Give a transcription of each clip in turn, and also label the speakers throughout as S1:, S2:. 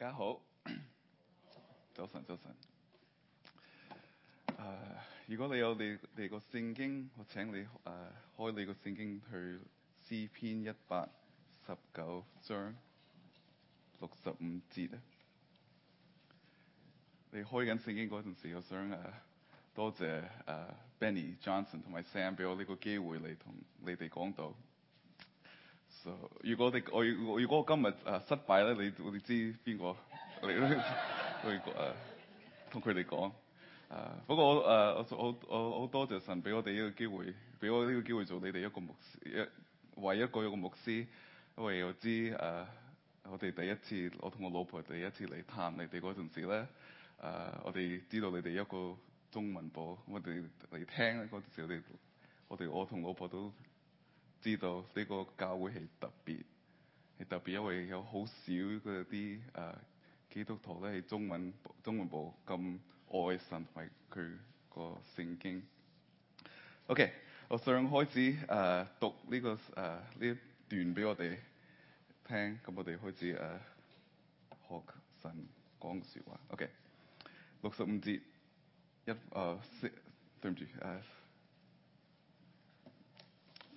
S1: 大家好，早晨，早晨。Uh, 如果你有你你個聖經，我請你誒、uh, 開你個聖經去詩篇一百十九章六十五節啊。你開緊聖經陣時，我想誒、uh, 多謝誒、uh, Benny Johnson 同埋 Sam 俾我呢個機會嚟同你哋講到講道。So, 如果我哋我如果我今日誒、呃、失敗咧，你我知邊個嚟咧去誒同佢哋講？誒， 不、呃、過我誒、呃、我好我好多謝神俾我哋呢個機會，俾我呢個機會做你哋一個牧師，一為一個一個牧師。因為我知誒、呃，我哋第一次我同我老婆第一次嚟探你哋嗰陣時咧，誒、呃、我哋知道你哋一個中文部，我哋嚟聽嗰陣時我，我哋我哋我同老婆都。知道呢個教會係特別係特別，因為有好少啲誒、呃、基督徒咧係中文中文部咁愛神同埋佢個聖經。OK，我想開始誒、呃、讀呢、這個誒呢、呃、段俾我哋聽，咁我哋開始誒、呃、學神講説話。OK，六十五節一誒、哦、四、對唔住誒。呃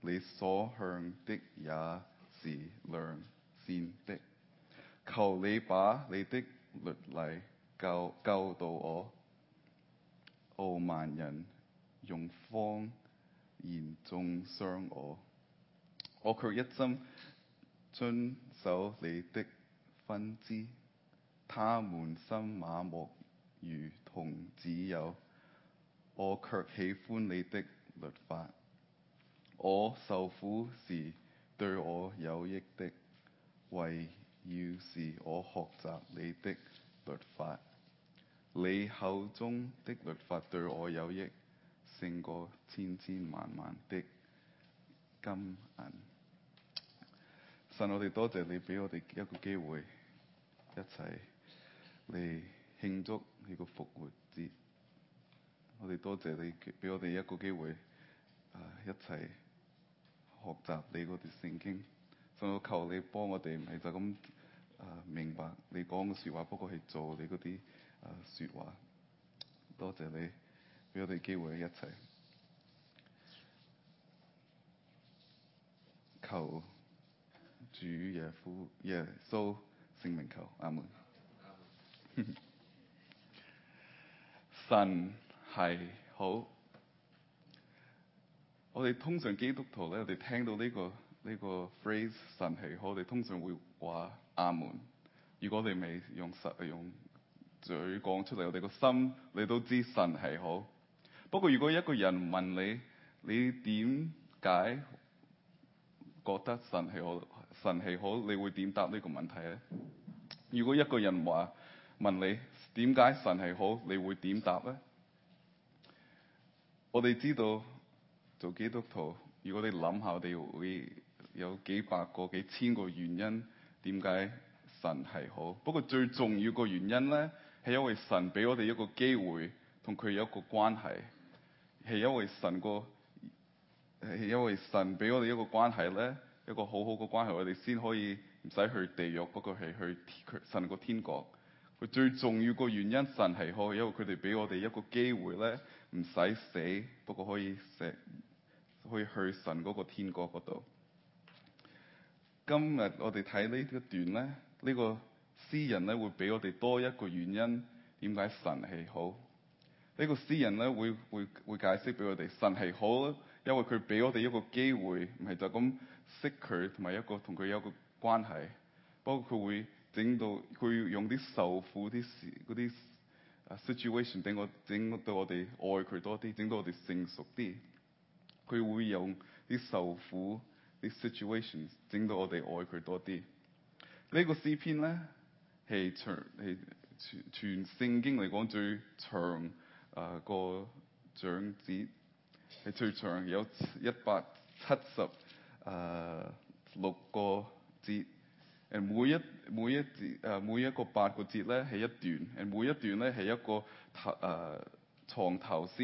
S1: 你所向的也是良善的，求你把你的律例教教導我。傲、哦、慢人用謊言中傷我，我卻一心遵守你的分支。他們心麻木如同脂油，我卻喜歡你的律法。我受苦是對我有益的，為要使我學習你的律法，你口中的律法對我有益，勝過千千萬萬的金銀。神，我哋多謝你俾我哋一個機會，一齊嚟慶祝呢個復活節。我哋多謝你俾我哋一個機會，一齊。學習你嗰啲聖經，所以我求你幫我哋，唔係就咁誒、呃、明白你講嘅說話，不過係做你啲誒、呃、說話。多謝你俾我哋機會一齊求主耶夫耶穌聖名求，求阿門。 神係好。我哋通常基督徒咧，我哋聽到呢個呢個 phrase 神係好，我哋通常會話阿門。如果你未用實用嘴講出嚟，我哋個心你都知神係好。不過如果一個人問你你點解覺得神係好，神係好，你會點答呢個問題咧？如果一個人話問你點解神係好，你會點答咧？我哋知道。做基督徒，如果你諗下，我哋會有幾百個、幾千個原因點解神係好。不過最重要個原因咧，係因為神俾我哋一個機會，同佢有一個關係。係因為神個，係因為神俾我哋一個關係咧，一個好好個關係，我哋先可以唔使去地獄，不過係去神個天國。佢最重要個原因，神係好，因為佢哋俾我哋一個機會咧，唔使死，不過可以成。去去神嗰個天國嗰度。今日我哋睇呢一段咧，呢個詩人咧會俾我哋多一個原因，點解神係好？呢個詩人咧會會會解釋俾我哋，神係好，因為佢俾我哋一個機會，唔係就咁識佢同埋一個同佢有個關係，不過佢會整到佢用啲受苦啲事嗰啲 situation，俾我整到我哋愛佢多啲，整到我哋成熟啲。佢會用啲受苦啲 situation 整到我哋愛佢多啲。這個、詩呢個詩篇咧係長係全全聖經嚟講最長啊、呃、個章節係最長，有一百七十啊六個節。誒每一每一節誒每一個八個節咧係一段，誒每一段咧係一個、呃、床頭誒藏頭詩，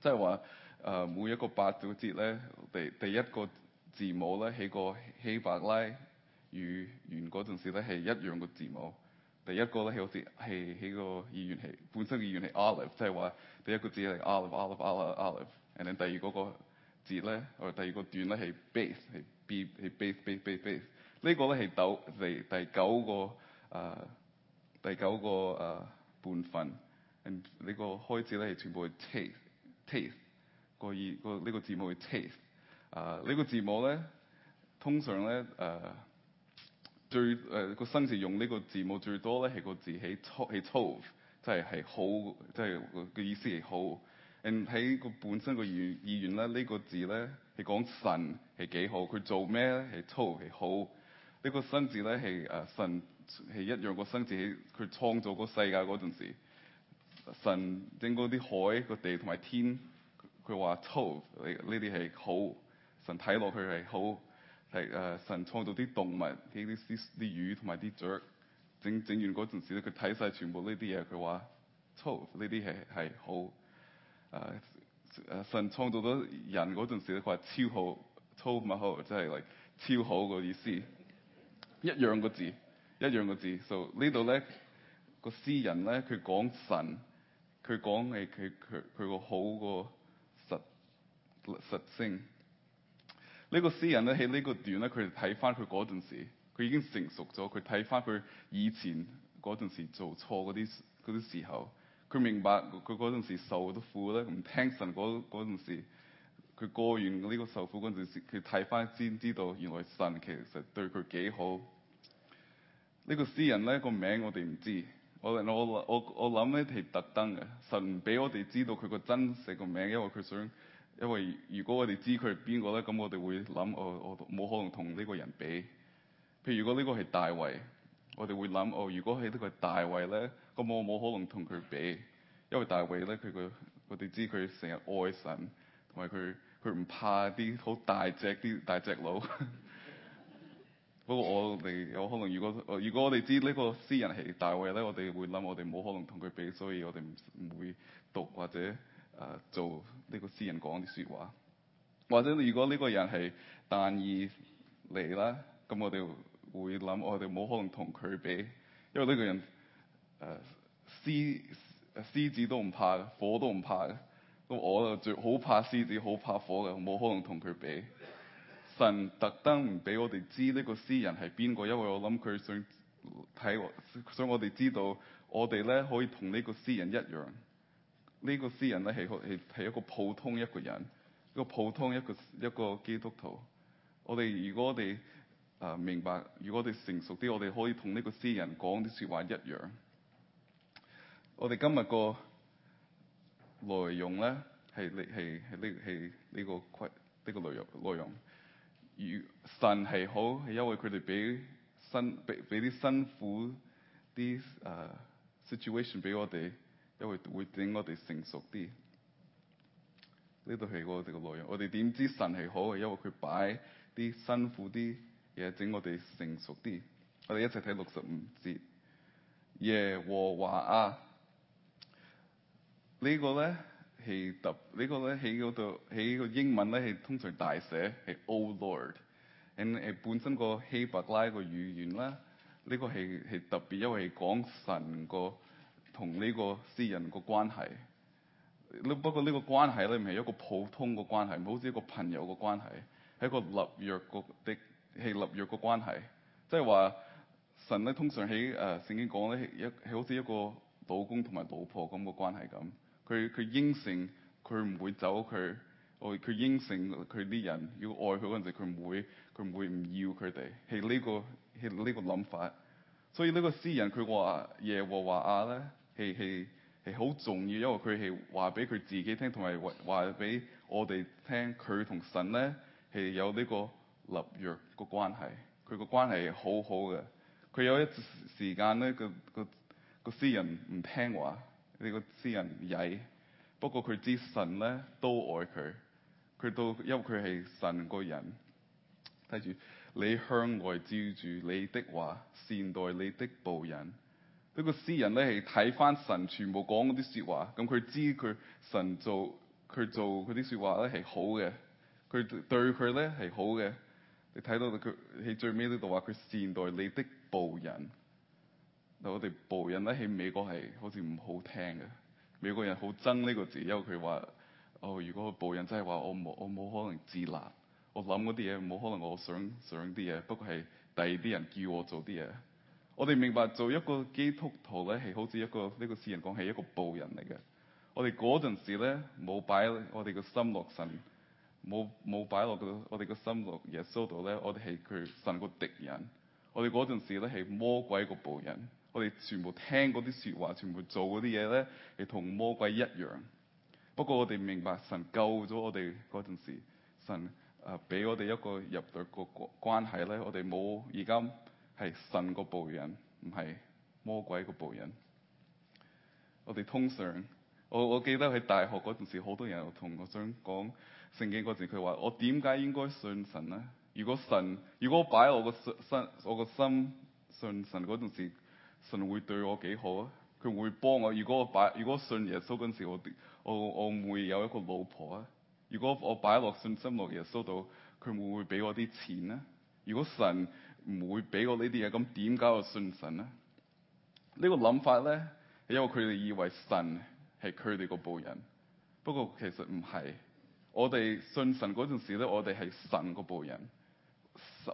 S1: 即係話。誒、uh, 每一個八組節咧，第第一個字母咧喺個希伯來語言，語源陣時時咧係一樣嘅字母。第一個咧係好似係喺個意源係本身嘅源係 aleph，即係話第一個字係 aleph，aleph，aleph，aleph。o l i 然後第二個字咧，我第二個段咧係 beth，係 b 係 beth，beth，beth，beth beth, beth。呢個咧係第第九個誒、uh, 第九個誒、uh, 半份，呢個開始咧係全部係 teth, teth 個意個呢個字母去 taste 啊、uh,！呢個字母咧，通常咧誒、呃、最誒個生字用呢個字母最多咧，係個字喺 tov 即係係好，即係個意思係好。喺個本身個意意願咧，呢、這個字咧係講神係幾好，佢做咩咧係 tov 係好，這個、生呢個生字咧係誒神係一樣一個生字，佢創造個世界陣時，神整嗰啲海個地同埋天，佢話好，呢啲係好，神睇落去係好，係誒、呃、神創造啲動物，啲啲啲魚同埋啲雀，整整完陣時咧，佢睇晒全部呢啲嘢，佢話好，呢啲係係好，誒誒神創造咗人陣時咧，佢話超好，超唔好，即係嚟超好個意思，一樣個字，一樣個字。就、so, 呢度咧、個詩人咧，佢講神，佢講係佢佢佢個好個。實升呢個詩人咧喺呢個段咧，佢睇翻佢嗰陣時，佢已經成熟咗。佢睇翻佢以前嗰陣時做錯嗰啲嗰啲時候，佢明白佢嗰陣時受嘅苦咧，唔聽神嗰嗰陣時，佢過完呢個受苦嗰陣時，佢睇翻先知道，原來神其實對佢幾好。呢個詩人咧個名我哋唔知，我我我我諗咧係特登嘅，神唔俾我哋知道佢個真實個名，因為佢想。因為如果我哋知佢係邊個咧，咁我哋會諗：哦，我冇可能同呢個人比。譬如如果呢個係大衛，我哋會諗：哦，如果係呢個大衛咧，咁我冇可能同佢比，因為大衛咧，佢佢我哋知佢成日愛神，同埋佢佢唔怕啲好大隻啲大隻佬。 不過我哋有可能，如果如果我哋知呢個私人係大衛咧，我哋會諗：我哋冇可能同佢比，所以我哋唔唔會讀或者。誒、呃、做呢個詩人講啲說話，或者如果呢個人係但以理嚟啦，咁我哋會諗，我哋冇可能同佢比，因為呢個人誒獅獅子都唔怕，火都唔怕嘅，咁我就最好怕獅子，好怕火嘅，冇可能同佢比。神特登唔俾我哋知呢個詩人係邊個，因為我諗佢想睇我，所以我哋知道我哋咧可以同呢個詩人一樣。呢個詩人咧係個係係一個普通一個人，一個普通一個一個基督徒。我哋如果我哋啊、呃、明白，如果我哋成熟啲，我哋可以同呢個詩人講啲說話一樣。我哋今日個這個這個這個內容咧係係係呢係呢個規呢個內容內容。如神係好係因為佢哋俾辛俾俾啲辛苦啲啊、uh, situation 俾我哋。因為會整我哋成熟啲，呢度係我哋個內容。我哋點知神係好嘅？因為佢擺啲辛苦啲嘢，整我哋成熟啲。我哋一齊睇六十五節。耶和華啊，這個、呢個咧係特，這個、呢個咧喺嗰度喺個英文咧係通常大寫，係 O Lord。咁係本身個希伯拉個語言啦，呢、這個係係特別，因為係講神個。同呢個詩人個關係，不過呢個關係咧唔係一個普通個關係，唔好似一個朋友個關係，係一個立約個的係立約個關係。即係話神咧通常喺誒聖經講咧一係好似一個老公同埋老婆咁個關係咁，佢佢應承佢唔會走，佢佢應承佢啲人要愛佢嗰陣時，佢唔會佢唔會唔要佢哋，係呢個係呢個諗法。所以呢個詩人佢話耶和華阿咧。係係係好重要，因為佢係話俾佢自己聽，同埋話話俾我哋聽，佢同神咧係有呢個立約個關係，佢個關係好好嘅。佢有一時間咧，個個個詩人唔聽話，呢、這個詩人曳。不過佢知神咧都愛佢，佢都因為佢係神個人。睇住你向外照住你的話，善待你的僕人。個詩呢個詩人咧係睇翻神全部講嗰啲説話，咁佢知佢神做佢做佢啲説話咧係好嘅，佢對佢咧係好嘅。你睇到佢喺最尾呢度話佢善待你的僕人，但我哋僕人咧喺美國係好似唔好聽嘅，美國人好憎呢個字，因為佢話哦，如果僕人真係話我冇我冇可能自立，我諗嗰啲嘢冇可能我想想啲嘢，不過係第二啲人叫我做啲嘢。我哋明白做一個基督徒咧，係好似一個呢、呢個聖人講係一個僕人嚟嘅。我哋嗰陣時咧，冇擺我哋個心落神，冇冇擺落我哋個心落耶穌度咧，我哋係佢神個敵人。我哋嗰陣時咧係魔鬼個僕人，我哋全部聽嗰啲説話，全部做嗰啲嘢咧，係同魔鬼一樣。不過我哋明白神救咗我哋嗰陣時，神啊俾我哋一個入到個關係咧，我哋冇而家。係神個部人，唔係魔鬼個部人。我哋通常，我我記得喺大學嗰陣時，好多人同我想講聖經嗰陣，佢話我點解應該信神呢？如果神，如果我擺我個心，我個心信神嗰陣時，神會對我幾好啊？佢會幫我。如果我擺，如果信耶穌嗰陣時，我我我會有一個老婆啊？如果我擺落信心落耶穌度，佢會唔會俾我啲錢呢？如果神？唔會俾我呢啲嘢，咁點解我信神咧？這個、呢個諗法咧，因為佢哋以為神係佢哋個僕人。不過其實唔係，我哋信神嗰陣時咧，我哋係神個僕人。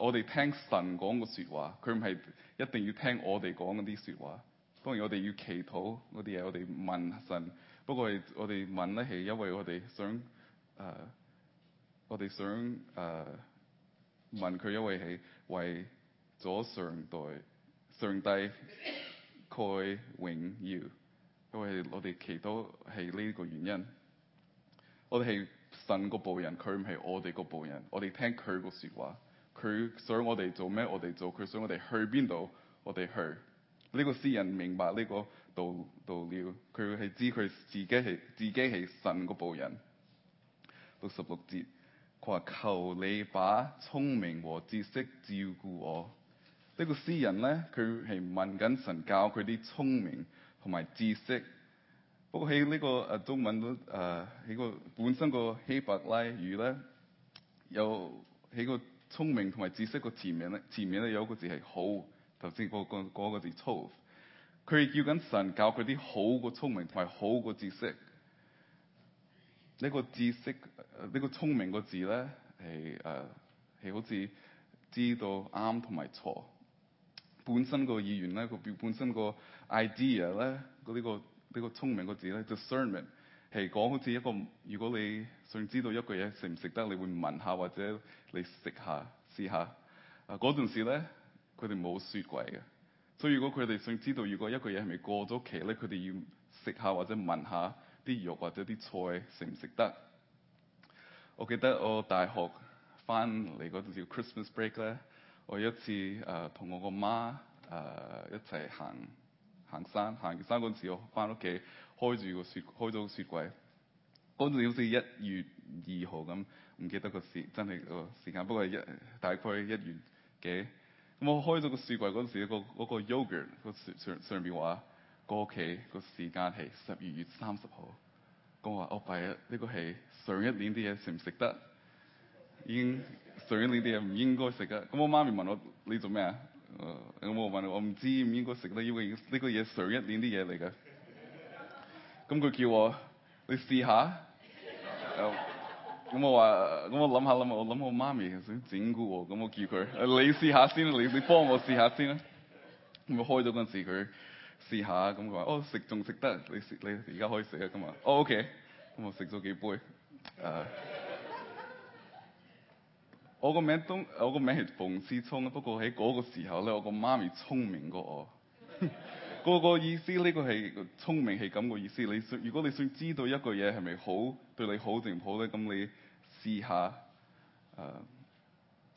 S1: 我哋聽神講個說話，佢唔係一定要聽我哋講嗰啲說話。當然我哋要祈禱嗰啲嘢，我哋問神。不過我哋問咧，係因為我哋想誒、呃，我哋想誒、呃、問佢，因為係為。咗上帝，上帝蓋榮耀，因為我哋祈禱係呢個原因。我哋係神個僕人，佢唔係我哋個僕人。我哋聽佢個說話，佢想我哋做咩，我哋做；佢想我哋去邊度，我哋去。呢、這個詩人明白呢個道道理，佢係知佢自己係自己係神個僕人。六十六節，佢話，求你把聰明和知識照顧我。個詩，呢個詩人咧，佢係問緊神教佢啲聰明同埋知識。不過喺呢個誒中文都喺個本身個希伯拉語咧，有喺個聰明同埋知識個字面咧，前面咧有一個字係好。頭先講講嗰個字 tov」。佢叫緊神教佢啲好個聰明同埋好知，這個知識。呃這個，呢個知識呢個聰明個字咧係誒係好似知道啱同埋錯。本身個意願咧，個變本身個 idea 咧，呢個呢個聰明個字咧，discernment 係講好似一個，如果你想知道一個嘢食唔食得，你會聞下或者你食下試下。啊、嗰陣時咧，佢哋冇雪櫃嘅，所以如果佢哋想知道如果一個嘢係咪過咗期咧，佢哋要食下或者聞下啲肉或者啲菜食唔食得。我記得我大學翻嚟嗰陣時叫 Christmas break 咧。我一次誒同、呃、我個媽誒一齊行行山，行完山嗰陣時我翻屋企開住個雪開咗個雪櫃，嗰時好似一月二號咁，唔記得個時真係個時間，不過一大概一月幾。咁我開咗個雪櫃嗰陣時、嗰個嗰、嗰個 yogurt 個上上面話過期個時間係十二月三十號。我話我第一呢個係上一年啲嘢食唔食得？已經。上年你哋唔應該食噶，咁我媽咪問我你做咩啊？我冇問，我唔知唔應該食啦，呢個呢個嘢上一年啲嘢嚟嘅。咁佢、呃、叫我你試下。咁、呃、我話咁我諗下諗下，我諗我媽咪想整蠱我，咁我叫佢你試下先啦，你你幫我試下先啦。咁我開咗嗰陣時佢試下，咁佢話哦，食仲食得，你食你而家可以食啦今日、哦。OK，咁我食咗幾杯。呃我個名都，我個名係馮思聰，不過喺嗰個時候咧，我個媽咪聰明過我。 個個意思呢，呢個係聰明係咁個意思。你想，如果你想知道一個嘢係咪好對你好定唔好咧，咁你試下。誒、uh,，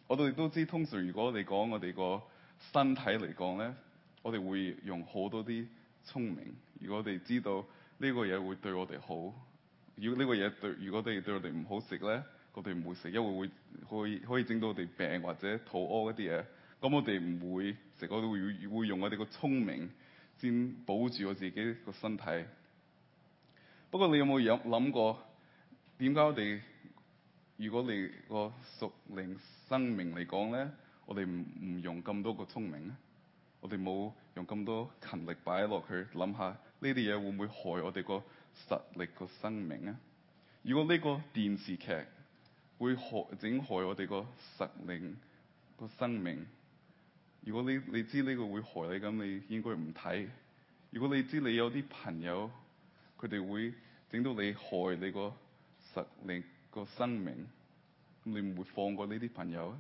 S1: 我哋都知，通常如果你講我哋個身體嚟講咧，我哋會用好多啲聰明。如果我哋知道呢個嘢會對我哋好，如果呢個嘢對，如果我哋對我哋唔好食咧。我哋唔會食，因為會可以可以整到我哋病或者肚屙嗰啲嘢。咁我哋唔會食，我哋會會用我哋個聰明先保住我自己個身體。不過你有冇有諗過，點解我哋如果你個屬靈生命嚟講咧，我哋唔唔用咁多個聰明咧？我哋冇用咁多勤力擺落去諗下呢啲嘢會唔會害我哋個實力個生命呀？如果呢個電視劇，會害整害我哋個實靈個生命。如果你你知呢個會害你咁，你應該唔睇。如果你知你有啲朋友佢哋會整到你害你個實靈個生命，咁你唔會放過呢啲朋友啊？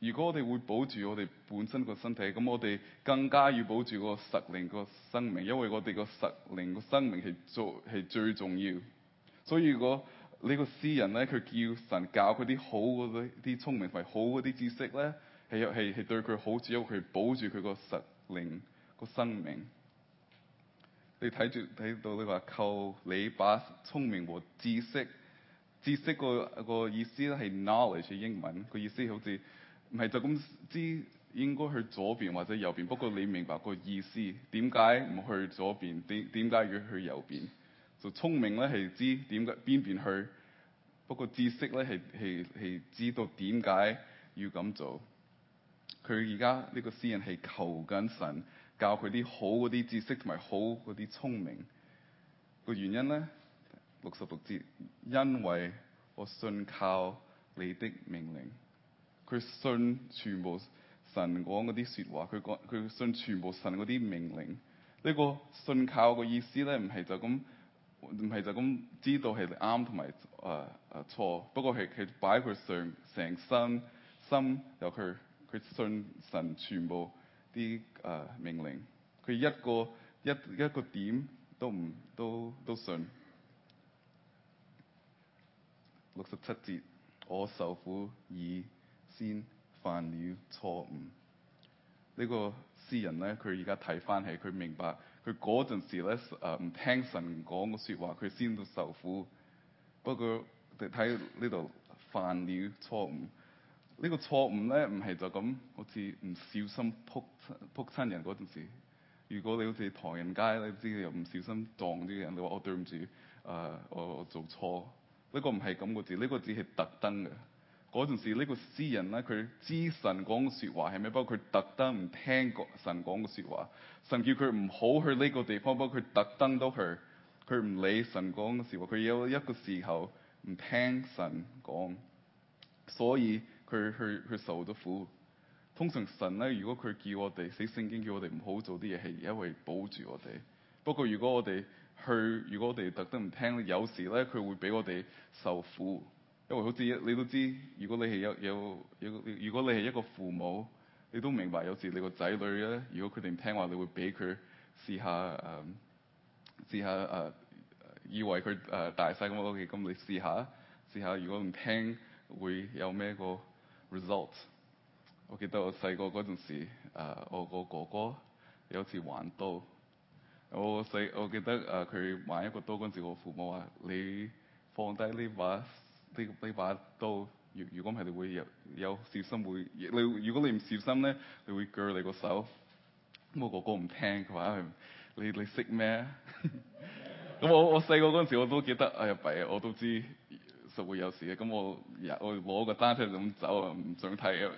S1: 如果我哋會保住我哋本身個身體，咁我哋更加要保住個實靈個生命，因為我哋個實靈個生命係最係最重要。所以如果，呢個詩人咧，佢叫神教佢啲好啲聰明或者好啲知識咧，係係係對佢好，只有佢保住佢個實靈個生命。你睇住睇到你話靠你把聰明和知識知識個個意思咧係 knowledge 英文個意思好似唔係就咁知，應該去左邊或者右邊，不過你明白個意思，點解唔去左邊，點點解要去右邊。就聰明咧係知點解邊邊去，不過知識咧係係係知道點解要咁做。佢而家呢個詩人係求緊神教佢啲好嗰啲知識同埋好嗰啲聰明個原因咧，六十六節，因為我信靠你的命令。佢信全部神講嗰啲説話，佢講佢信全部神嗰啲命令。呢、這個信靠個意思咧，唔係就咁。唔係就咁知道係啱同埋誒誒錯，不過係佢擺佢成成身心由佢佢信神全部啲誒、呃、命令，佢一個一一個點都唔都都信。六十七節，我受苦已先犯了錯誤。呢、呢個詩人咧，佢而家睇翻起，佢明白。佢嗰陣時咧，誒、嗯、唔聽神講嘅說話，佢先到受苦。不過就睇呢度犯了錯誤、這個、呢個錯誤咧，唔係就咁，好似唔小心撲親撲，撲人嗰陣時。如果你好似唐人街你知又唔小心撞啲人，你話、oh, uh, 我對唔住，誒我我做錯呢、這個唔係咁個字，呢、這個字係特登嘅。嗰陣時呢、呢個詩人咧，佢知神講嘅説話係咩，包括不過佢特登唔聽神講嘅説話。神叫佢唔好去呢個地方，包括不過佢特登都去，佢唔理神講嘅説話。佢有一個時候唔聽神講，所以佢去去受咗苦。通常神咧，如果佢叫我哋死聖經，叫我哋唔好做啲嘢，係因為保住我哋。不過如果我哋去，如果我哋特登唔聽，有時咧佢會俾我哋受苦。因為好似你都知，如果你係有有有，如果你係一個父母，你都明白有時你個仔女咧，如果佢哋唔聽話，你會俾佢試下誒、嗯，試下誒、啊，以為佢誒、啊、大細咁 OK，咁你試下，試下如果唔聽會有咩個 result？我記得我細個嗰陣時，時、啊、我個哥哥有次玩刀，我細我記得誒佢、啊、玩一個刀嗰陣時，我父母話：你放低呢把。呢呢把刀，如如果唔係你會有有小心會，你如果你唔小心咧，你會鋸你個手。咁我哥哥唔聽，佢話你你識咩？咁 我我細個嗰陣時我都記得，哎呀弊我都知實會有事嘅。咁我我攞個單車就咁走啊，唔想睇啊。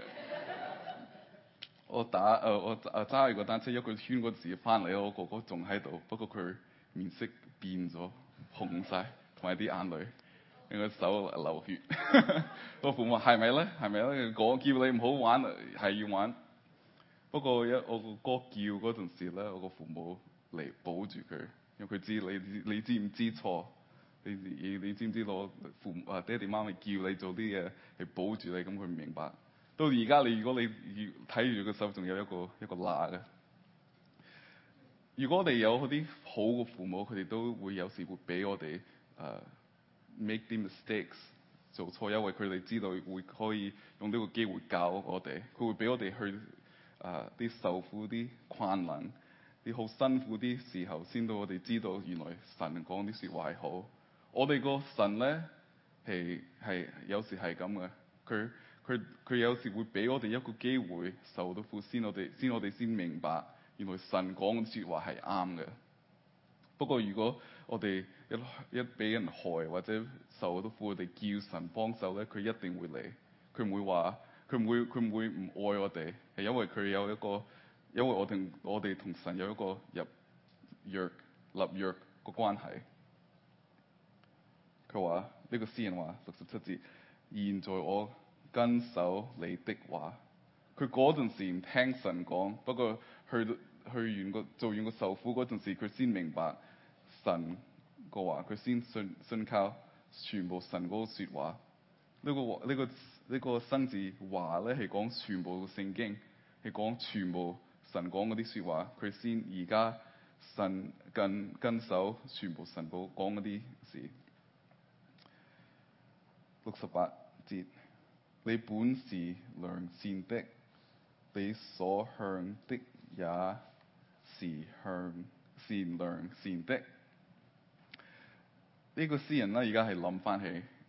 S1: 我打誒我誒揸住個單車，一個圈個字翻嚟，我哥哥仲喺度，不過佢面色變咗，紅晒，同埋啲眼淚個手流血， 個父母話，係咪咧？係咪咧？講，叫你唔好玩，係要玩。不過一我個哥叫嗰陣時咧，我個父母嚟，保住佢，因為佢知你你知唔知錯？你你知唔知攞父啊爹地媽咪叫你做啲嘢嚟保住你？咁佢唔明白。到而家你如果你睇住個手，仲有一個一個罅嘅。如果我哋有嗰啲好嘅父母，佢哋都會有時會俾我哋誒。呃 Make 啲 mistakes 做錯，因為佢哋知道會可以用呢個機會教我哋，佢會俾我哋去啊啲、呃、受苦啲困難啲好辛苦啲時候，先到我哋知道原來神講啲説話係好。我哋個神咧係係有時係咁嘅，佢佢佢有時會俾我哋一個機會受到苦，先我哋先我哋先明白原來神講嘅説話係啱嘅。不過如果我哋一一俾人害或者受好多苦，我哋叫神幫手咧，佢一定會嚟。佢唔會話，佢唔會，佢唔會唔愛我哋，係因為佢有一個，因為我哋我哋同神有一個入約立約個關係。佢話呢個詩人話六十七節，現在我跟守你的話。佢嗰陣時唔聽神講，不過去去完個做完個受苦嗰陣時，佢先明白神。個話佢先信信靠，全部神個說話，這個這個這個、呢個呢個呢個生字話咧係講全部聖經，係講全部神講啲說話，佢先而家神跟跟守全部神寶講啲事。六十八節，你本是良善的，你所向的也是向善良善的。呢個詩人咧，而家係諗翻起，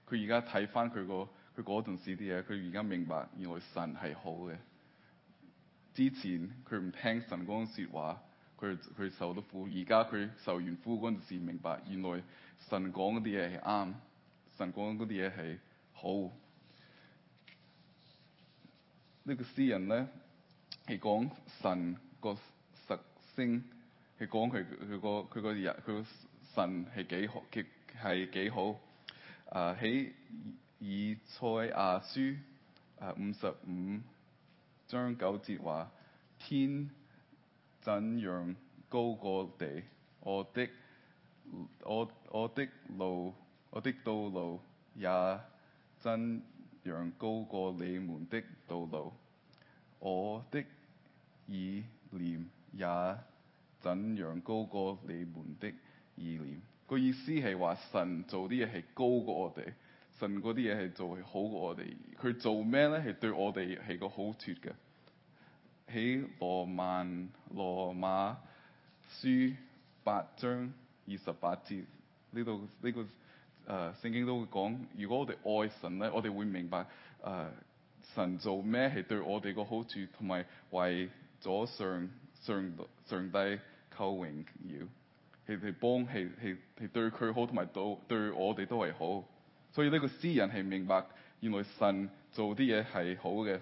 S1: 佢而家睇翻佢個佢嗰陣時啲嘢，佢而家明白，原來神係好嘅。之前佢唔聽神講說話，佢佢受到苦。而家佢受完苦嗰陣時明白，原來神講嗰啲嘢係啱，神講嗰啲嘢係好。呢個詩人咧係講神個實性，係講佢佢個佢個日佢個神係幾好極。係幾好？啊，喺以賽亞書誒五十五章九節，話，天怎樣高過地？我的我我的路我的道路也怎樣高過你們的道路？我的意念也怎樣高過你們的意念？個意思係話神做啲嘢係高過我哋，神啲嘢係做係好過我哋。佢做咩咧？係對我哋係個好處嘅。喺羅曼羅馬書八章二十八節呢度呢個誒聖、呃、經都會講，如果我哋愛神咧，我哋會明白誒、呃、神做咩係對我哋個好處，同埋為咗上上上帝求榮耀。佢哋幫係係係對佢好，同埋對對我哋都係好。所以呢個詩人係明白，原來神做啲嘢係好嘅。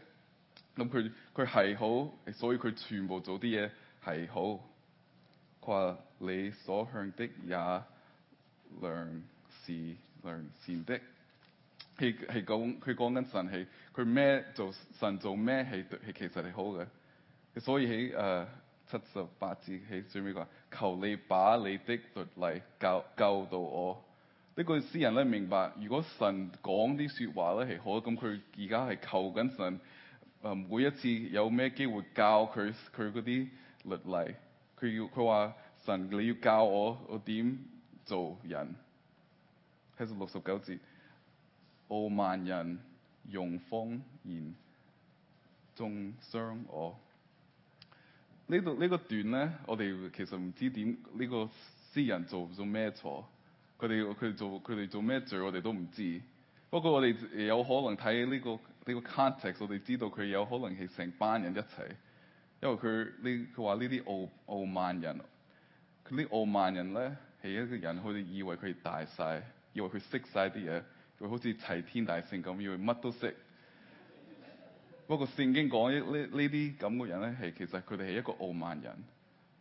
S1: 咁佢佢係好，所以佢全部做啲嘢係好。佢話：你所向的也良善良善的。係係講，佢講緊神係佢咩做神做咩係係其實係好嘅。所以喺誒。Uh, 七十八字起最尾個求你把你的律例教教到我。呢、那個詩人咧明白，如果神講啲說話咧係好，咁佢而家係求緊神。誒、嗯、每一次有咩機會教佢佢嗰啲律例，佢要佢話神，你要教我我點做人？係六十九字傲慢人用謊言中傷我。呢度呢個段咧，我哋其實唔知點呢個詩人做做咩錯，佢哋佢哋做佢哋做咩罪，我哋都唔知。不過我哋有可能睇呢個呢個 context，我哋知道佢有可能係成班人一齊，因為佢呢佢話呢啲傲傲慢人，佢啲傲慢人咧係一個人好似以為佢大晒，以為佢識晒啲嘢，佢好似齊天大聖咁，以為乜都識。不過聖經講呢呢呢啲咁嘅人咧，係其實佢哋係一個傲慢人，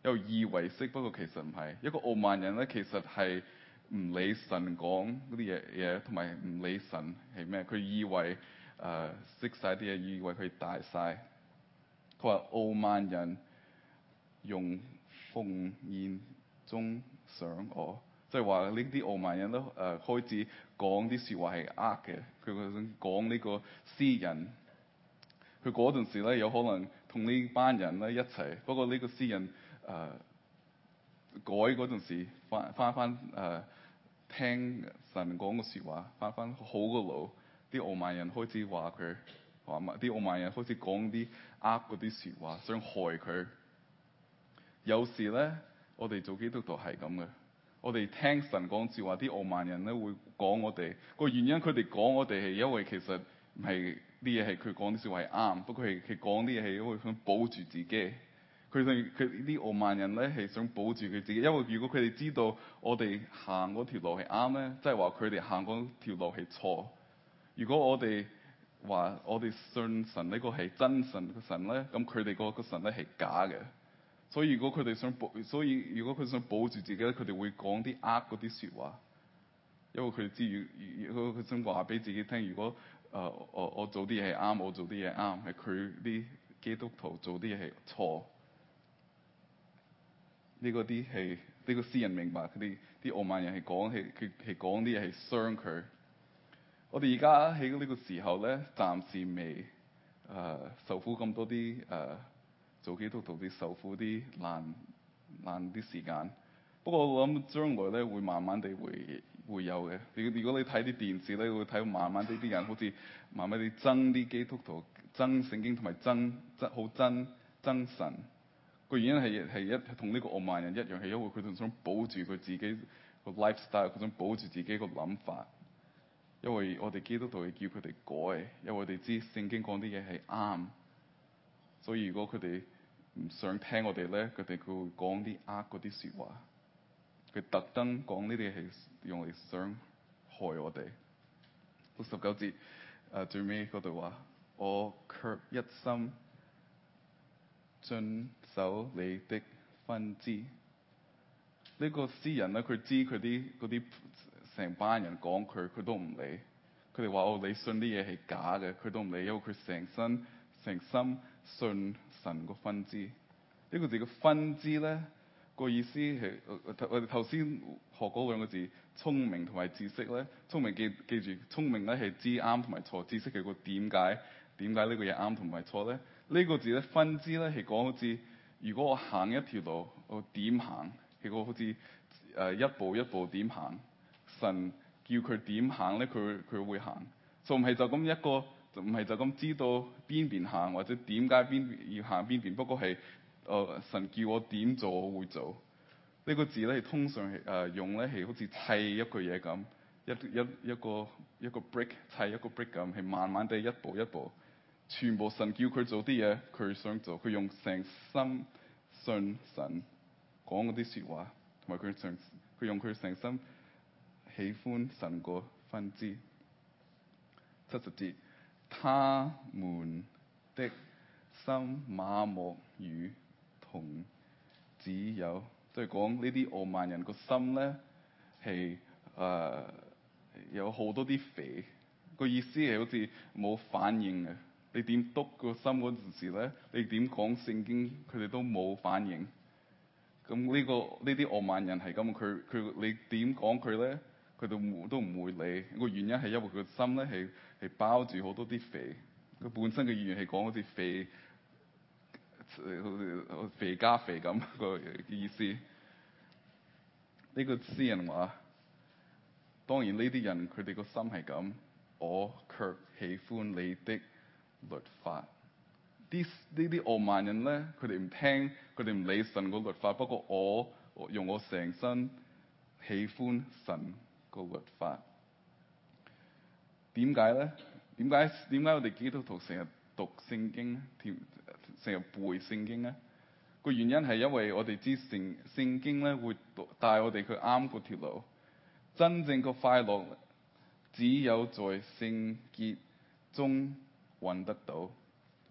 S1: 又以為識，不過其實唔係一個傲慢人咧。其實係唔理神講啲嘢嘢，同埋唔理神係咩，佢以為誒、呃、識曬啲嘢，以為佢大晒，佢話傲慢人用奉獻中傷我，即係話呢啲傲慢人都誒、呃、開始講啲說話係呃嘅。佢講講呢個詩人。佢嗰陣時咧，有可能同呢班人咧一齊，不過呢個詩人誒、呃、改嗰陣時翻翻、呃，翻翻翻誒聽神講嘅說話翻翻好個腦啲傲慢人開始話佢話埋，啲傲慢人開始講啲呃嗰啲說話想害佢。有時咧，我哋做基督徒係咁嘅。我哋聽神講說話，啲傲慢人咧會講我哋個原因，佢哋講我哋係因為其實。唔係啲嘢係佢講啲説話係啱，不過係佢講啲嘢係因為想保住自己。佢對佢啲澳曼人咧係想保住佢自己，因為如果佢哋知道我哋行嗰條路係啱咧，即係話佢哋行嗰條路係錯。如果我哋話我哋信神呢、這個係真神嘅神咧，咁佢哋個個神咧係假嘅。所以如果佢哋想保，所以如果佢想，想保住自己咧，佢哋會講啲呃嗰啲説話，因為佢知如果佢想話俾自己聽，如果。誒、uh, 我我做啲嘢啱，我做啲嘢啱，係佢啲基督徒做啲嘢係錯，呢、這個啲係呢個私人明白，佢啲傲慢人係講係佢係講啲嘢係傷佢。我哋而家喺呢個時候咧，暫時未誒、uh, 受苦咁多啲誒、uh, 做基督徒啲受苦啲難難啲時間。不過我諗將來咧會慢慢地會。會有嘅。如果你睇啲電視咧，你會睇到慢慢啲啲人好似慢慢哋憎啲基督徒，憎聖經，同埋憎憎好憎憎神。個原因係係一同呢個傲慢人一樣，係因為佢仲想保住佢自己個 lifestyle，佢想保住自己個諗法。因為我哋基督徒係叫佢哋改，因為我哋知聖經講啲嘢係啱。所以如果佢哋唔想聽我哋咧，佢哋佢會講啲呃嗰啲説話。佢特登講呢啲係用嚟想害我哋。六十九節誒最尾嗰段話，我卻一心遵守你的分支。呢個詩人咧，佢知佢啲啲成班人講佢，佢都唔理。佢哋話：哦，你信啲嘢係假嘅，佢都唔理，因為佢成身成心信神個分支。呢個字嘅分支咧。個意思係我哋頭先學嗰兩個字，聰明同埋知識咧。聰明記記住，聰明咧係知啱同埋錯。知識係個點解？點解呢個嘢啱同埋錯咧？呢、這個字咧分支咧係講好似，如果我行一條路，我點行？係個好似誒一步一步點行？神叫佢點行咧，佢佢會行。就唔係就咁一個，就唔係就咁知道邊邊行或者點解邊要行邊邊。不過係。誒、哦、神叫我點做，我會做。呢、這個字咧，通常係誒、呃、用咧，係好似砌一句嘢咁，一一一,一個一個 brick 砌一個 brick 咁，係慢慢地一步一步，全部神叫佢做啲嘢，佢想做，佢用誠心信神講啲說話，同埋佢成佢用佢誠心喜歡神個分支。七十節，他們的心麻木語。同只有即係講呢啲傲慢人個心咧，係誒，有好多啲肥個意思係好似冇反應嘅。你點篤個心嗰陣時咧，你點講聖經佢哋都冇反應。咁呢個呢啲傲慢人係咁，佢佢你點講佢咧，佢都都唔會理。個原因係因為佢個心咧係係包住好多啲肥，佢本身嘅語言係講好似肥。肥加肥咁個意思。呢、這個詩人話，當然呢啲人佢哋個心係咁，我卻喜歡你的律法。啲呢啲傲慢人咧，佢哋唔聽，佢哋唔理神個律法。不過我用我成身喜歡神個律法。點解咧？點解？點解我哋基督徒成日讀聖經？成日背聖經咧，個原因係因為我哋知聖聖經咧會帶我哋去啱個條路。真正個快樂只有在聖潔中揾得到。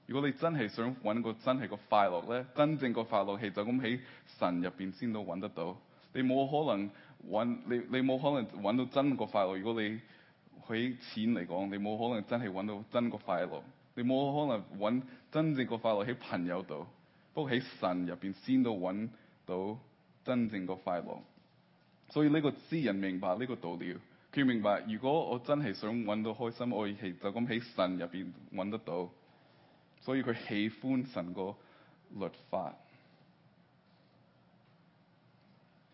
S1: 如果你真係想揾個真係個快樂咧，真正個快樂係就咁喺神入邊先到揾得到。你冇可能揾你，你冇可能揾到真個快樂。如果你喺錢嚟講，你冇可能真係揾到真個快樂，你冇可能揾。真正個快樂喺朋友度，不過喺神入邊先到揾到真正個快樂。所以呢個詩人明白呢個道理，佢明白如果我真係想揾到開心，我係就咁喺神入邊揾得到。所以佢喜歡神個律法，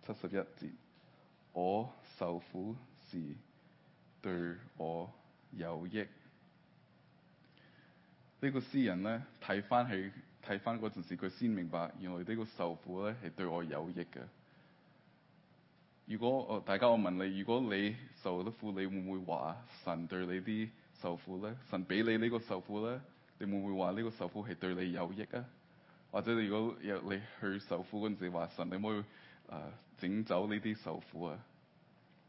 S1: 七十一節，我受苦時對我有益。呢個詩人咧睇翻係睇翻嗰陣時，佢先明白原來呢個受苦咧係對我有益嘅。如果我大家我問你，如果你受得苦，你會唔會話神對你啲受苦咧？神俾你呢個受苦咧，你會唔會話呢個受苦係對你有益啊？或者你如果有你去受苦嗰陣時，話神你可唔可以啊整，呃、走呢啲受苦啊？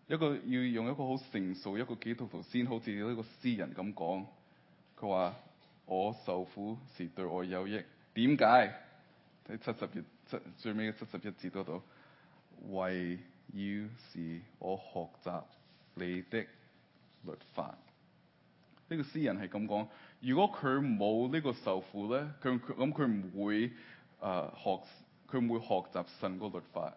S1: 一個要用一個好成熟一個基督徒先好似呢個詩人咁講，佢話。我受苦是對我有益，點解？喺七十頁最尾嘅七十一節嗰度，為要是我學習你的律法，呢、這個詩人係咁講。如果佢冇呢個受苦咧，佢咁佢唔會誒、呃、學，佢唔會學習神個律法。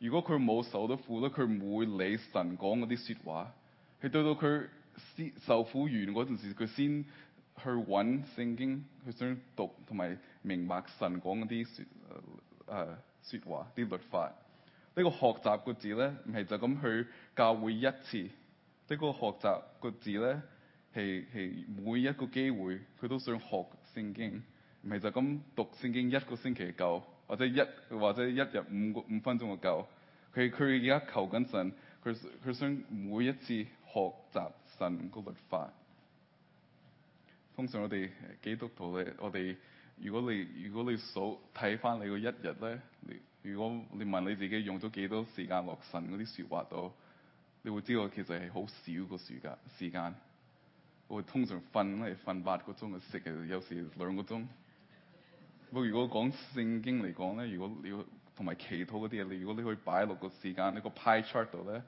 S1: 如果佢冇受到苦咧，佢唔會理神講嗰啲説話。係到到佢受苦完嗰陣時，佢先。去揾聖經，佢想讀同埋明白神講啲說誒說、呃、話、啲律法。呢個學習個字咧，唔係就咁去教會一次。呢個學習個字咧，係係每一個機會佢都想學聖經，唔係就咁讀聖經一個星期夠，或者一或者一日五個五分鐘夠，佢佢而家求緊神，佢佢想每一次學習神個律法。通常我哋基督徒咧，我哋如果你如果你數睇翻你個一日咧，你如果你問你自己用咗幾多時間落神啲說話度，你會知道其實係好少個時間，時間，我會通常瞓咧瞓八個鐘，食嘅有時兩個鐘，不過如果講聖經嚟講咧，如果你要同埋祈禱啲嘢，你如果你可以擺落個時間呢個 pie chart 度咧，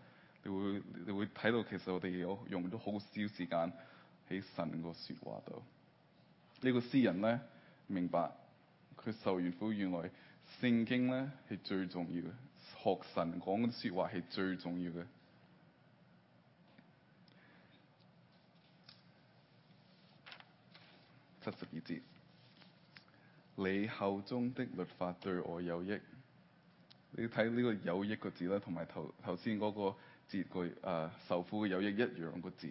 S1: 你會你會睇到其實我哋有用咗好少時間。喺神個說話度，呢、這個詩人咧明白佢受完苦，原來聖經咧係最重要嘅，學神講嘅說話係最重要嘅。七十二節，你口中的律法對我有益。你睇呢個有益個字咧，同埋頭頭先嗰個節句啊、呃，受苦有益一樣個字。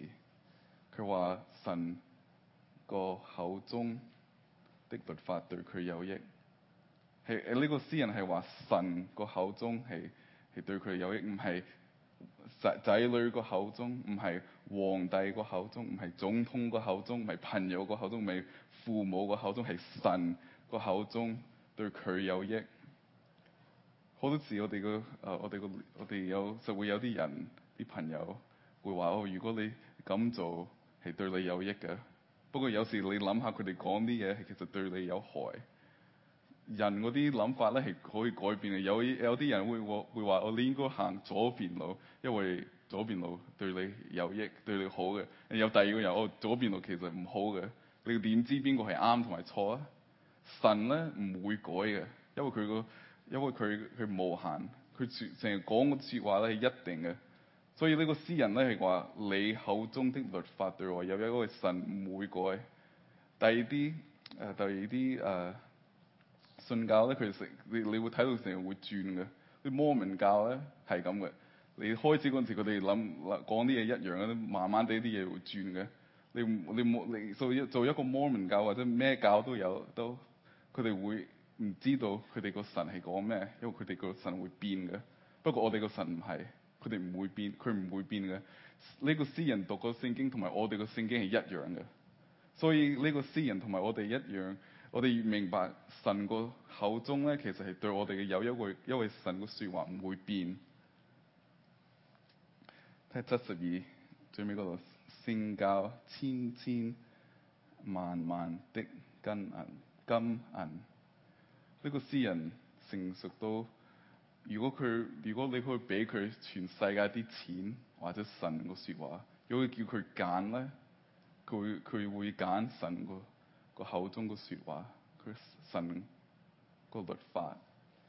S1: 佢話神個口中的律法對佢有益，係誒呢個詩人係話神個口中係係對佢有益，唔係仔仔女個口中，唔係皇帝個口中，唔係總統個口中，唔係朋友個口中，唔係父母個口中，係神個口中對佢有益。好多時我哋，個誒、呃、我哋，個我哋有就會有啲人啲朋友會話哦，如果你咁做。係對你有益嘅，不過有時你諗下佢哋講啲嘢，係其實對你有害。人嗰啲諗法咧係可以改變嘅，有有啲人會會話我，你應該行左邊路，因為左邊路對你有益，對你好嘅。有第二個人我、哦、左邊路其實唔好嘅，你點知邊個係啱同埋錯啊？神咧唔會改嘅，因為佢個因為佢佢無限，佢成成日講嘅說話咧係一定嘅。所以呢個詩人咧係話：你口中的律法對我有一個，神唔會改。第二啲，誒第二啲誒，信教咧佢哋成你你會睇到成日會轉嘅，啲摩門教咧係咁嘅。你開始嗰陣時佢哋諗講啲嘢一樣，慢慢啲啲嘢會轉嘅。你你冇你做一做一個摩門教或者咩教都有都，佢哋會唔知道佢哋個神係講咩，因為佢哋個神會變嘅。不過我哋個神唔係。佢哋唔會變，佢唔會變嘅。呢個詩人讀個聖經，同埋我哋個聖經係一樣嘅。所以呢個詩人同埋我哋一樣，我哋要明白神個口中咧，其實係對我哋嘅有一惠，因為神個說話唔會變。睇七十二最尾嗰度，勝過千千萬萬的金銀。金銀呢個詩人成熟到。如果佢如果你可以俾佢全世界啲錢或者神個說話，如果叫佢揀咧，佢，佢會揀神個個口中個說話，佢神個律法，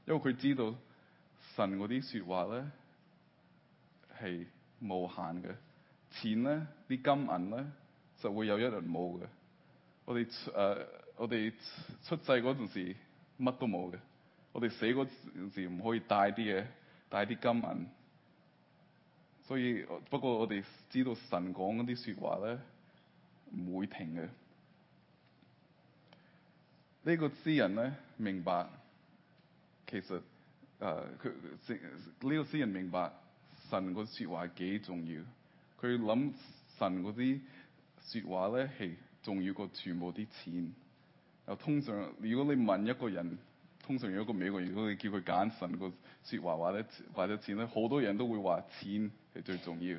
S1: 因為佢知道神啲說話咧係無限嘅，錢咧啲金銀咧就會有一日冇嘅。我哋誒、呃、我哋出世嗰陣時乜都冇嘅。我哋死嗰陣時唔可以帶啲嘢，帶啲金銀。所以不過我哋知道神講嗰啲說話咧，唔會停嘅。這個、詩呢個詩人咧明白，其實誒佢呢個詩人明白神個說話幾重要。佢諗神嗰啲說話咧係重要過全部啲錢。又通常如果你問一個人，通常如果個美國，如果你叫佢揀神個説話或者或者錢咧，好多人都會話錢係最重要。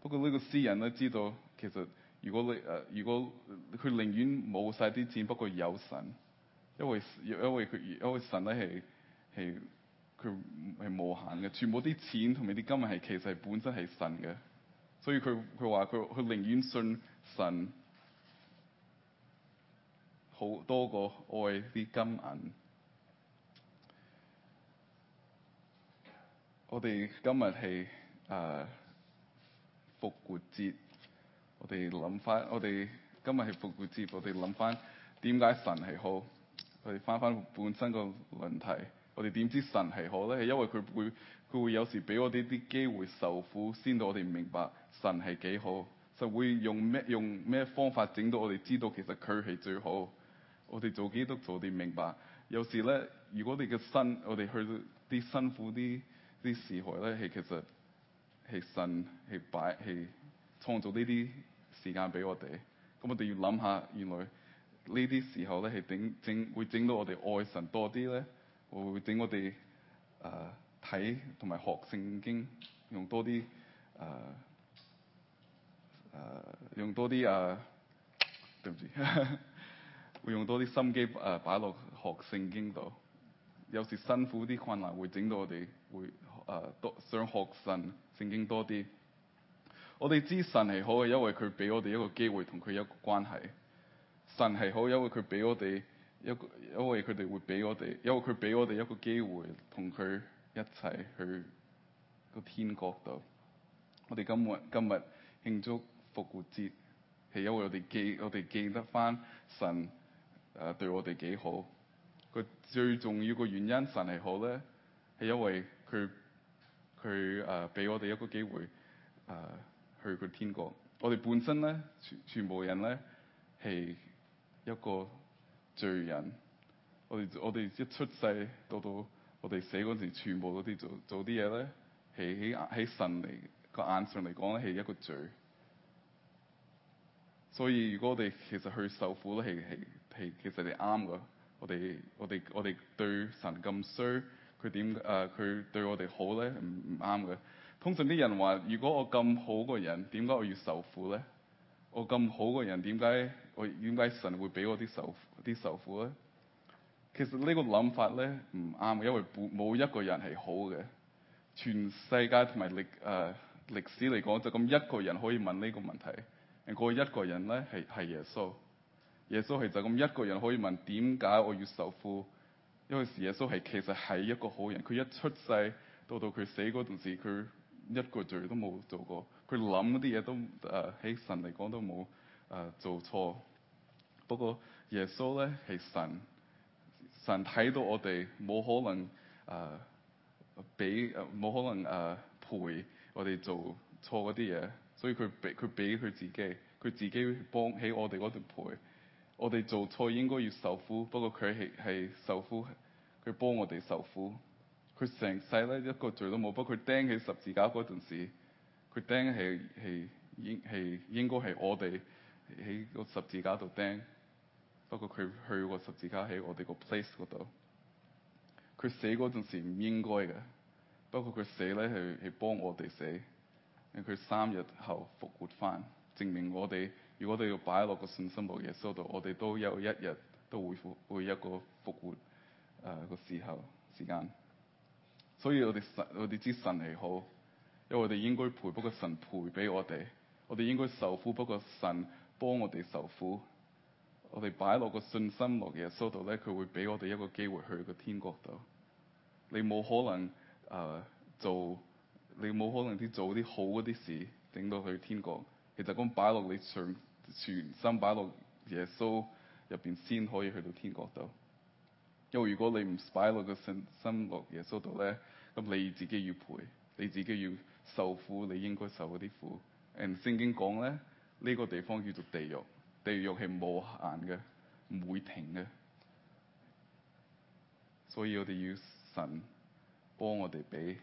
S1: 不過呢個詩人咧知道，其實如果你誒、呃、如果佢寧願冇晒啲錢，不過有神，因為因為佢因為神咧係係佢係無限嘅，全部啲錢同埋啲金係其實本身係神嘅，所以佢佢話佢佢寧願信神。好多個愛啲金銀，我哋今日係誒復活節，我哋諗翻，我哋今日係復活節，我哋諗翻點解神係好？我哋翻翻本身個問題，我哋點知神係好咧？係因為佢會佢會有時俾我哋啲機會受苦，先到我哋明白神係幾好，就會用咩用咩方法整到我哋知道其實佢係最好。我哋做基督徒，我哋明白有時咧，如果你嘅身，我哋去啲辛苦啲啲時候咧，係其實係神係擺係創造呢啲時間俾我哋。咁我哋要諗下，原來呢啲時候咧係整整會整到我哋愛神多啲咧，會整我哋誒睇同埋學聖經用多啲誒誒用多啲誒、呃啊、對唔住。 會用多啲心機，誒擺落學聖經度。有時辛苦啲困難會整到我哋，會、呃、誒多想學神聖經多啲。我哋知神係好嘅，因為佢俾我哋一個機會同佢有個關係。神係好，因為佢俾我哋一,一,一個，因為佢哋會俾我哋，因為佢俾我哋一個機會同佢一齊去一個天國度。我哋今日今日慶祝復活節，係因為我哋記我哋記得翻神。誒、啊、對我哋幾好，個最重要個原因神係好咧，係因為佢佢誒俾我哋一個機會誒、呃、去個天國。我哋本身咧全全部人咧係一個罪人，我哋我哋一出世到到我哋死嗰陣時，全部嗰啲做做啲嘢咧係喺喺神嚟個眼上嚟講咧係一個罪。所以如果我哋其實去受苦都係係。係，其實你啱嘅。我哋我哋我哋對神咁衰，佢點誒佢對我哋好咧，唔唔啱嘅。通常啲人話，如果我咁好個人，點解我要受苦咧？我咁好個人，點解我點解神會俾我啲受啲受苦咧？其實呢個諗法咧唔啱嘅，因為冇一個人係好嘅。全世界同埋歷誒歷史嚟講就咁一個人可以問呢個問題。誒，嗰一個人咧係係耶穌。耶穌係就咁一個人可以問，點解我要受苦？因為耶穌係其實係一個好人，佢一出世到到佢死陣時佢一個罪都冇做過，佢諗啲嘢都誒喺、呃、神嚟講都冇誒、呃、做錯，不過耶穌咧係神，神睇到我哋冇可能誒俾冇可能誒、呃、賠我哋做錯啲嘢，所以佢俾佢俾佢自己，佢自己幫喺我哋度賠。我哋做錯應該要受苦，不過佢係係受苦，佢幫我哋受苦。佢成世咧一個罪都冇，不過佢釘喺十字架嗰陣時，佢釘係係應係應該係我哋喺個十字架度釘。不過佢去個十字架喺我哋個 place 嗰度。佢死嗰陣時唔應該嘅，不過佢死咧係係幫我哋死。佢三日後復活返，證明我哋。如果我哋要擺落個信心落耶穌度，我哋都有一日都會復會一個復活，誒、呃、個時候時間。所以我哋神，我哋知神係好，因為我哋應該賠，不過神賠俾我哋；我哋應該受苦，不過神幫我哋受苦。我哋擺落個信心落耶穌度咧，佢會俾我哋一個機會去個天國度。你冇可能誒、呃、做，你冇可能啲做啲好啲事，整到去天國。其實咁擺落你上。全心擺落耶穌入邊先可以去到天國度，因為如果你唔擺落個信心落耶穌度咧，咁你自己要賠，你自己要受苦，你應該受啲苦。誒，聖經講咧，呢、這個地方叫做地獄，地獄係無限嘅，唔會停嘅。所以我哋要神幫我哋俾，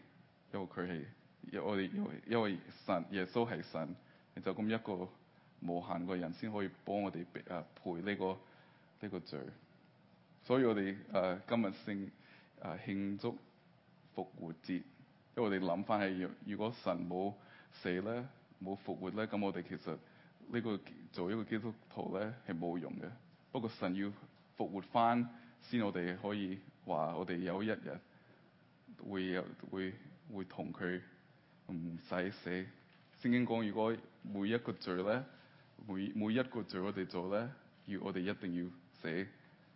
S1: 因為佢係，我哋因為因為神耶穌係神，你就咁一個。無限個人先可以幫我哋，誒、呃，賠呢、這個呢、這個罪。所以我哋誒、呃、今日聖誒慶祝復活節，因為我哋諗翻係若如果神冇死咧，冇復活咧，咁我哋其實呢、這個做一個基督徒咧係冇用嘅。不過神要復活翻，先我哋可以話我哋有一日會有會會同佢唔使死。聖經講，如果每一個罪咧，每每一個罪我做我哋做咧，要我哋一定要死。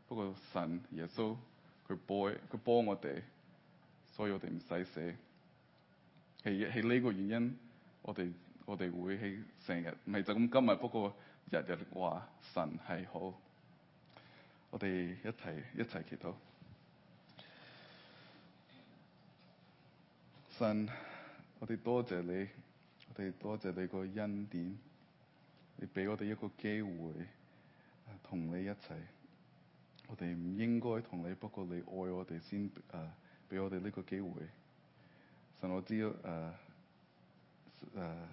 S1: 不過神耶穌佢幫佢幫我哋，所以我哋唔使死。係係呢個原因，我哋我哋會喺成日，唔係就咁今日。不，不過日日話神係好，我哋一齊一齊祈禱。神，我哋多謝你，我哋多謝你個恩典。你俾我哋一個機會，同、啊、你一齊。我哋唔應該同你，不過你愛我哋先，誒、啊、俾我哋呢個機會。神、so，我知誒誒、啊啊、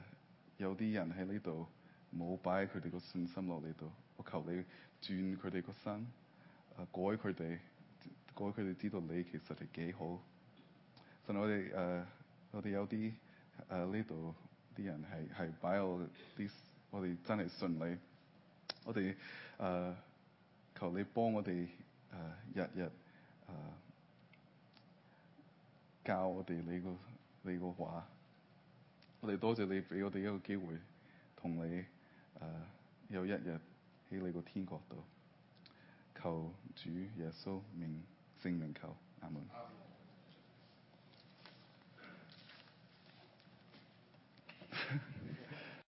S1: 有啲人喺呢度冇擺佢哋個信心落嚟度。我求你轉佢哋個心，誒改佢哋，改佢哋知道你其實係幾好。神、so, 啊，我哋誒、啊、我哋有啲誒呢度啲人係係擺我啲。我哋真係順利，我哋誒、呃、求你幫我哋誒、呃、日日誒、呃、教我哋你個你個話，我哋多謝你俾我哋一個機會同你誒、呃、有一日喺你個天國度，求主耶穌名聖名求阿門。阿們